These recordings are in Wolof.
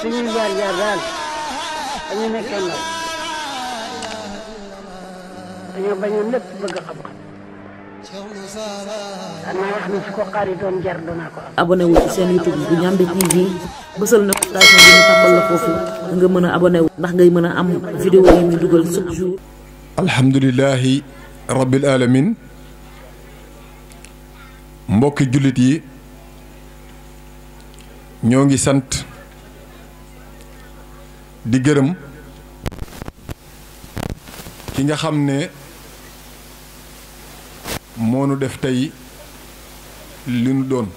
suñuy jaar jaar daal dañu seen YouTube bu bësal na ko station bi nga mën a abonné ndax ngay mën a am vidéo yi ñu dugal chaque jour. rabbil alamin mbokki jullit yi ñoo ngi sant. di gërëm ki nga xam ne moo nu def tey li nu doon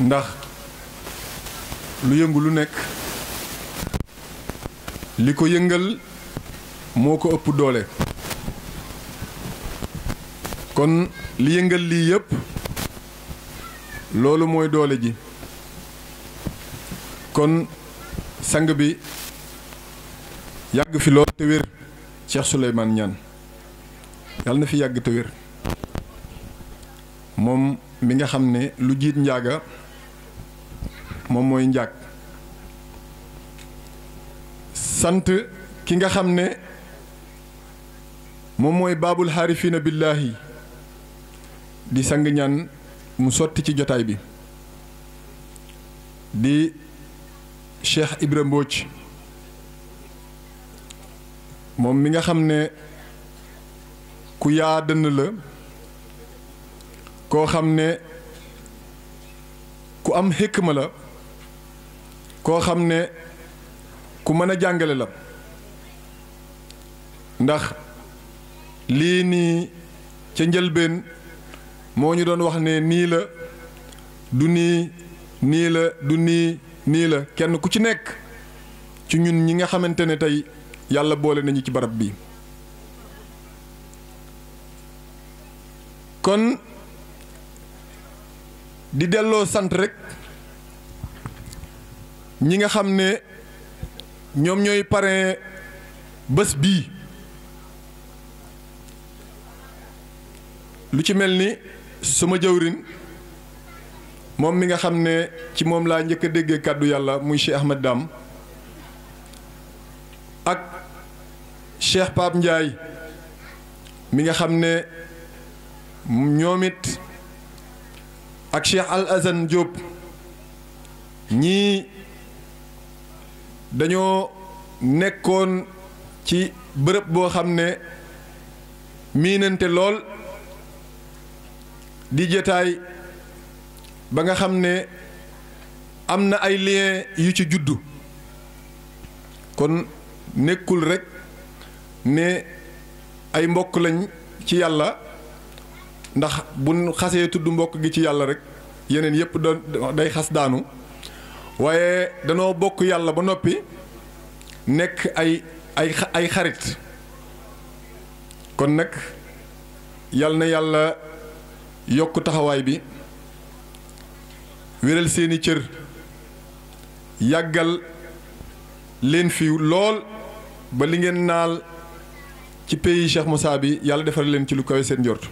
ndax lu yëngu lu nekk li ko yëngal moo ko ëpp doole kon li yëngal lii yépp loolu mooy doole ji kon sang bi yàgg fi lool te wér Cheikh Souleymane na fi yàgg te moom mi nga xam ne lu jiit njaaga moom mooy njaag sant ki nga xam ne moom mooy baabul xaarifiina billaahi di sang ñaan mu sotti ci jotaay bi di Cheikh Ibra Mbodj moom mi nga xam ne ku yaa dënn la koo xam ne ku am hikma la koo xam ne ku mën a jàngale la ndax lii nii ca njëlbeen moo ñu doon wax ne nii la du nii nii la du nii nii la kenn ku ci nekk ci ñun ñi nga xamante ne tey yàlla boole nañu ci barab bi kon di delloo sant rek ñi nga xam ne ñoom ñooy parrain bés bii lu ci mel ni suma jëwrin moom mi nga xam ne ci moom laa njëkk a déggee kàddu yàlla muy Cheikh Ahmed Dame ak Cheikh Pape Ndiaye mi nga xam ne ñoom it ak Cheikh Al Azan ñii dañoo nekkoon ci bërëb boo xam ne miinante lool di jetaay ba nga xam ne am na ay lien yu ci juddu kon nekkul rekk ne ay mbokk lañ ci yàlla ndax bu xasee tudd mbokk gi ci yàlla rekk yeneen yépp day xas daanu waaye danoo bokk yàlla ba noppi nekk ay ay xarit kon nag yal na yàlla yokk taxawaay bi wéral seeni cër yàggal leen fi lool ba li ngeen naal ci pays Cheikh Moussa bi yàlla defal leen ci lu kawe seen njort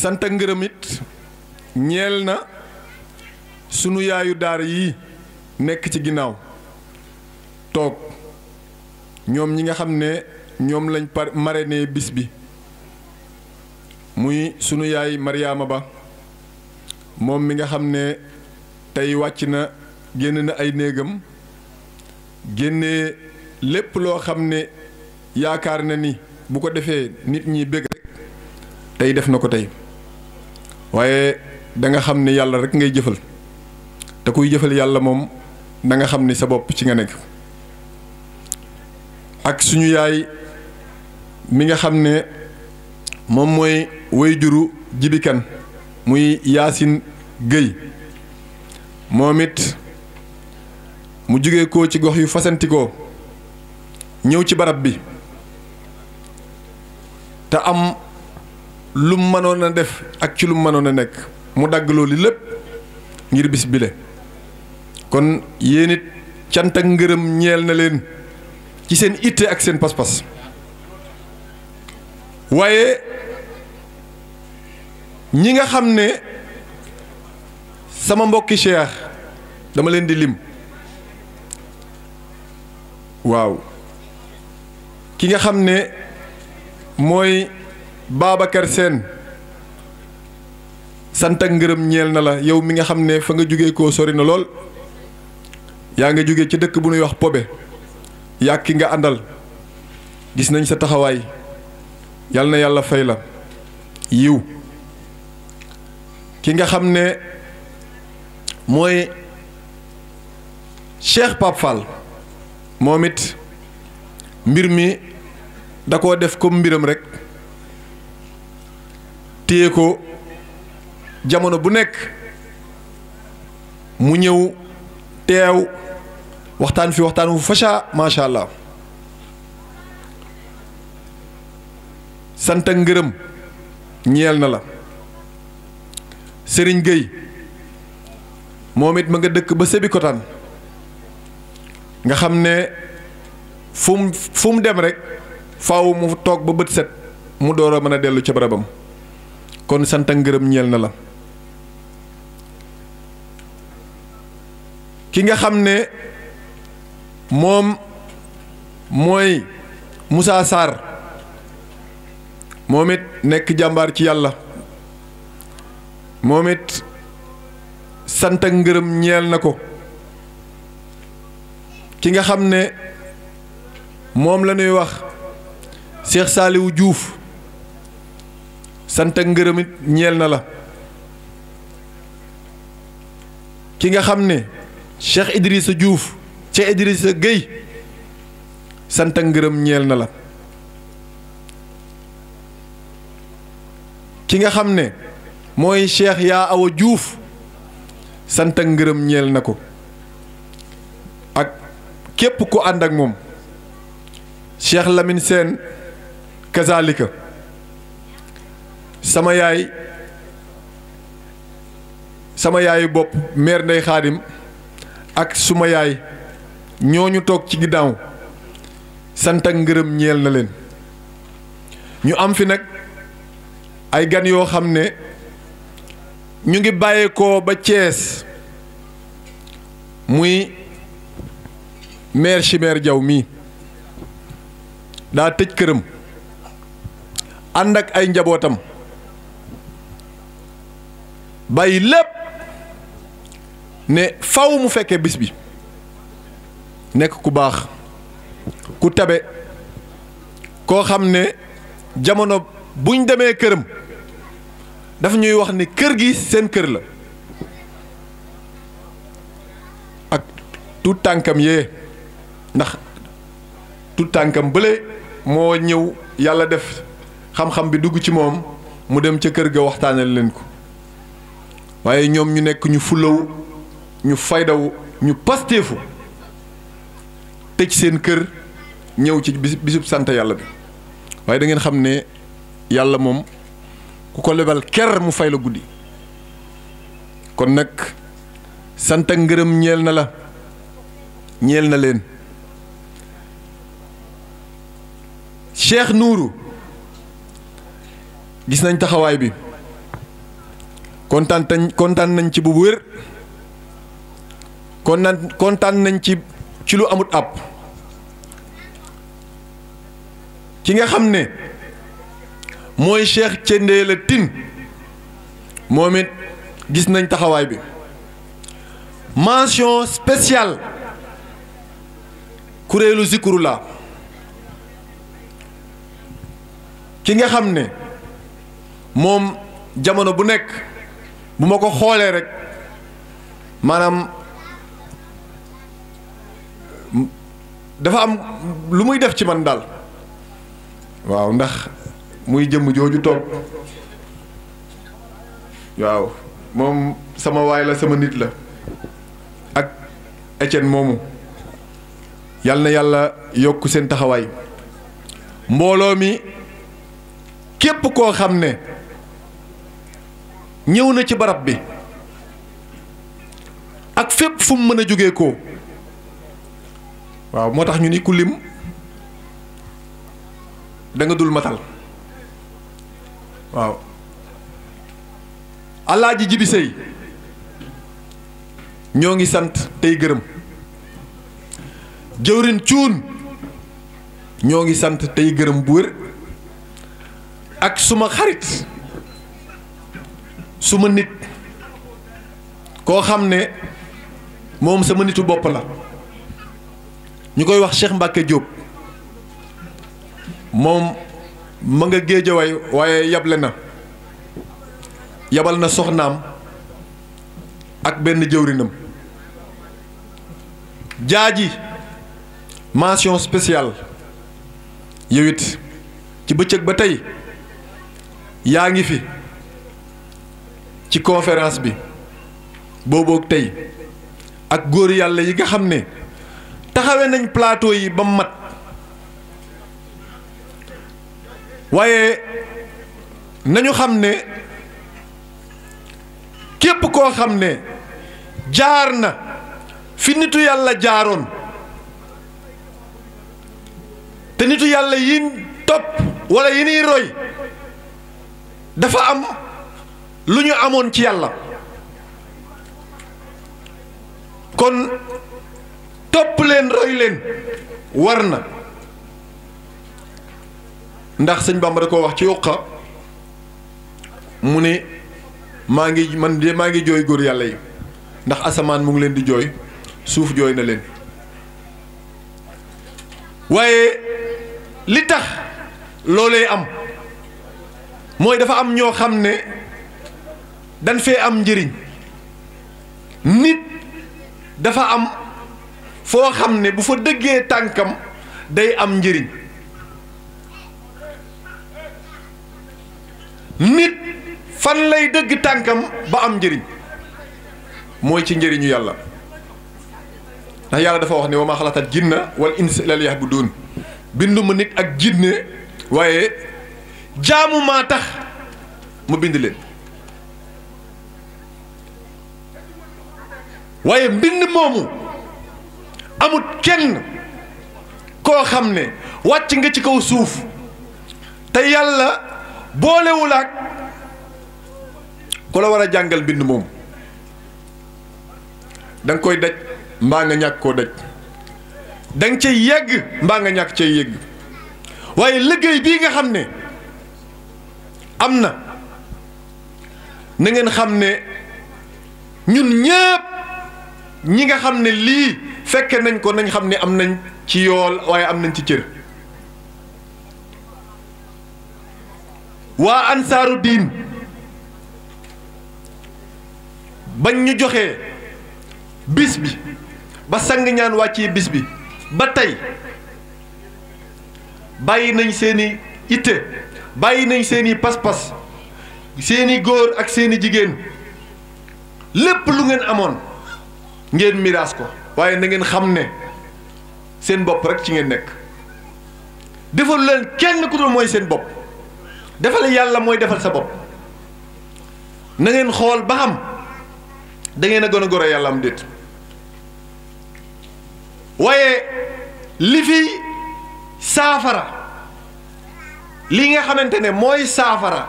sant ak ngërëm it ñeel na sunu yaayu daara yi nekk ci ginnaaw toog ñoom ñi nga xam ne ñoom lañ par marraine bis bi muy sunu yaay Mariama Ba moom mi nga xam ne tey wàcc na génn na ay néegam génne lépp loo xam ne yaakaar na ni bu ko defee nit ñi bëgg rek tey def na ko tey waaye da nga xam ne yàlla rek ngay jëfal te kuy jëfal yàlla moom da nga xam ni sa bopp ci nga nekk ak suñu yaay mi nga xam ne moom mooy way juru jibikan muy yaasin gëy moomit mu jugee koo ci gox yu fasantikoo ñëw ci barab bi te am lum mënoon a def ak ci lum mënoon a nekk mu dagg loolu lépp ngir bis bile kon yéen it cant ak ngërëm ñeel na leen ci seen itte ak seen pas-pas waaye ñi nga xam ne sama mbokki cheikh dama leen di lim waaw ki nga xam ne mooy Babacar Sène sant ak ngërëm ñeel na la yow mi nga xam ne fa nga jóge koo sori na lool yaa nga jóge ci dëkk bu ñuy wax Pobe yaa nga àndal gis nañ sa taxawaay yal na yàlla fay la yiw ki nga xam ne mooy Cheikh Pape Fall moom it mbir mi da koo def comme mbiram rek téye ko jamono bu nekk mu ñëw teew waxtaan fi waxtaan wu facha macha allah sant ak ngërëm ñeel na la. Serigne Gueye moom it ma nga dëkk ba Sébikotane nga xam ne fum dem rek faaw mu toog ba bët set mu door a mën barabam kon sant ak ngërëm na la ki nga xam ne moom mooy Moussa Sarr nek it ci moom it sant ak ngërëm ñeel na ko ki nga xam ne moom la ñuy wax Cheikh Saliou juuf sant ak ngërëm ñeel na la ki nga xam ne Cheikh Idrissa juuf Cheikh Idrissa Gueye sant ak ngërëm ñeel na la ki nga xam ne mooy Cheikh Yaa Awa juuf sant ak ngërëm ñeel na ko ak képp ku ànd ak moom Cheikh lamin seen kazalika sama yaay sama yaayu bopp meer Ndey Xaadim ak suma yaay ñooñu toog ci ginnaaw sant ak ngërëm ñeel na leen ñu am fi nag ay gan yoo xam ne ñu ngi bàyyeekoo ba Thiès muy maire Chimère jaw mii daa tëj këram ànd ak ay njabootam bàyyi lépp ne faw mu fekkee bis bi nekk ku baax ku tabe koo xam ne jamono buñ demee këram dafa ñuy wax ni kër gi seen kër la ak tout tànkam yee ndax tout tànkam bële moo ñëw yàlla def xam-xam bi dugg ci moom mu dem ca kër ga waxtaanal leen ko waaye ñoom ñu nekk ñu fulaw ñu faydaw ñu pasteefu tëj seen kër ñëw ci bisub sant yàlla bi waaye da xam ne yàlla moom ku ko lebal ker mu fay la guddi kon nag sant ak ngërëm ñeel na la ñeel na leen Cheikh Nuuru gis nañ taxawaay bi kontaan kontaan nañ ci bu wér kontaan kontaan nañ ci ci lu amut àpp ki nga xam ne mooy Cheikh Thiendella Tine moom it gis nañ taxawaay bi mention special kuréelu Zikrullah ki nga xam ne moom jamono bu nekk bu ma ko xoolee rek maanaam dafa am lu muy def ci man daal waaw ndax muy jëmm jooju wow, mom moom sama waay la sama nit la ak Etienne momu yal yalla yàlla yokk seen taxawaay mbooloo mi képp koo xam ne ñëw na ci barab bi ak fépp fu mu ko waaw ñu ni da nga dul matal waaw alaaji jibi sëy ñoo ngi sant tey gërëm jëwrin cuun ñoo ngi sant tey gërëm bu wér ak suma xarit suma nit koo xam ne moom sama nitu bopp la ñu koy wax Cheikh Mbacke Diop moom ma nga géejawaay waaye yable na yabal na soxnaam ak benn jëwrinam jaaji mention spéciale yow it ci bëccëg ba tey yaa ngi fi ci conférence bi booboog tey ak góor yàlla yi nga xam ne taxawe nañ plateau yi ba mu mat waaye nañu xam ne képp koo xam ne jaar na fi nitu yàlla jaaroon te nitu yàlla yi topp wala yi niy roy dafa am lu ñu amoon ci yàlla kon topp leen roy leen war na ndax sëñ Bamba da koo wax ci yuqa mu ne maa ngi man de maa ngi jooy góor yàlla yi ndax asamaan mu ngi leen di jooy suuf jooy na leen waaye li tax loolee am mooy dafa am ñoo xam ne dañ fee am njëriñ nit dafa am foo xam ne bu fa dëggee tànkam day am njëriñ nit fan lay dëgg tànkam ba am njëriñ mooy ci njëriñu yàlla ndax yàlla dafa wax ne wa ma xalatat jinna wal insa illa liyahbudun bindu ma nit ak jinne waaye jaamu tax mu bind leen waaye mbind moomu amut kenn koo xam ne wàcc nga ci kaw suuf te yàlla boolewul ak ku la war a jàngal bind moom da koy daj mbaa nga ñàkk koo daj da nga cay yegg mbaa nga ñàkk cay yegg waaye liggéey bii nga xam ne am na nangeen xam ne ñun ñépp ñi nga xam ne lii fekke nañ ko nañ xam ne am nañ ci yool waaye am nañ ci cër waa ansaaru diin bañ ñu joxee bis bi ba sang ñaan wàccee bis bi ba tey bàyyi nañ seeni itte bàyyi nañ seeni pas-pas seeni góor ak seeni jigéen lépp lu ngeen amoon ngeen miraas ko waaye na ngeen xam ne seen bopp rek ci ngeen nekk defal leen kenn ku dul mooy seen bopp defal yàlla mooy defal sa bopp na ngeen xool ba xam da ngeen a gon a goro yàlla am déet waaye li fi saafara li nga xamante ne mooy saafara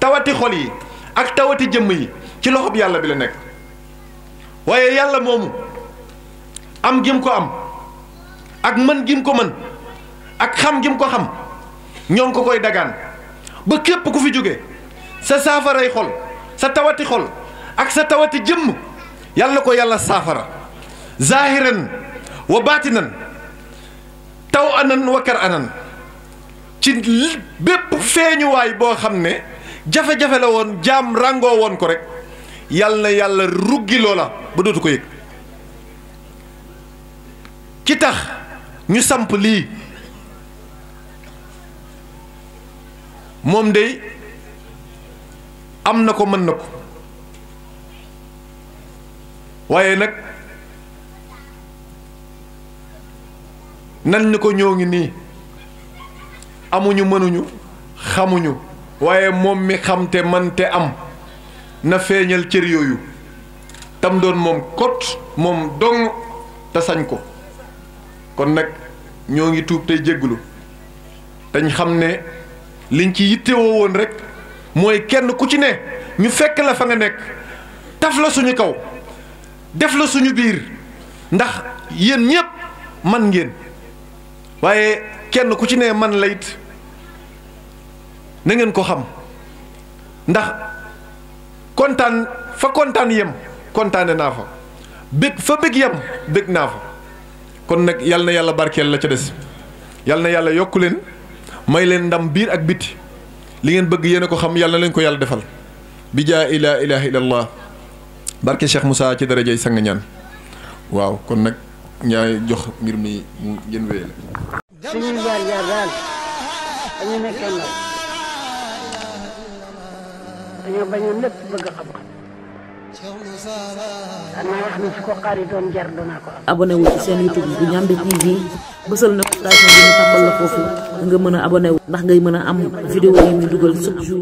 tawati xol yi ak tawati jëmm yi ci loxob yàlla bi la nekk waaye yàlla moomu am gim ko am ak mën gim ko mën ak xam gim ko xam ñoom ko koy dagaan ba képp ku fi jóge sa saafaray xol sa tawati xol ak sa tawati jëmm yàlla ko yàlla saafara zaahiran wa baatinan taw anan wa kar anan ci bépp feeñuwaay boo xam ne jafe-jafe la woon jaam ràngoo woon ko rek yàlla yàlla ruggi loola ba dootu ko yëg ki tax ñu samp lii moom day am na ko mën na ko waaye nag nan ni ko ñoo ngi nii amuñu mënuñu xamuñu waaye moom mi xam te man te am na feeñal cër yooyu tam doon moom kot moom dong te sañ ko kon nag ñoo ngi tuub tey jégglu dañ xam ne liñ ci yittewoo woon rek mooy kenn ku ci ne ñu fekk la fa nga nekk taf la suñu kaw def la suñu biir ndax yéen ñépp man ngeen waaye kenn ku ci ne man la nangeen na ko xam ndax kontaan fa kontaan yem kontaane naa fa bëgg fa bëgg yem bëgg naa fa kon nag yal na yàlla barkeel la ca des yal na yàlla yokk leen may leen ndam biir ak biti li ngeen bëgg yéen a ko xam yàlla na leen ko yàlla defal bi jaa ilaa ilaha illallah barke Cheikh Moussa ci darajey sang ñaan waaw kon nag ñaay jox ngir mi mu ngeen wéyale suñuy jaar jaar daal dañu nekkoon dañoo bañoon dana wax ni su ko xaritoon ko am. abonné wu seen YouTube bu Ndiamé TV bësal na station bi ñu la foofu nga mën a abonné ndax ngay mën a am vidéo yi ñu dugal chaque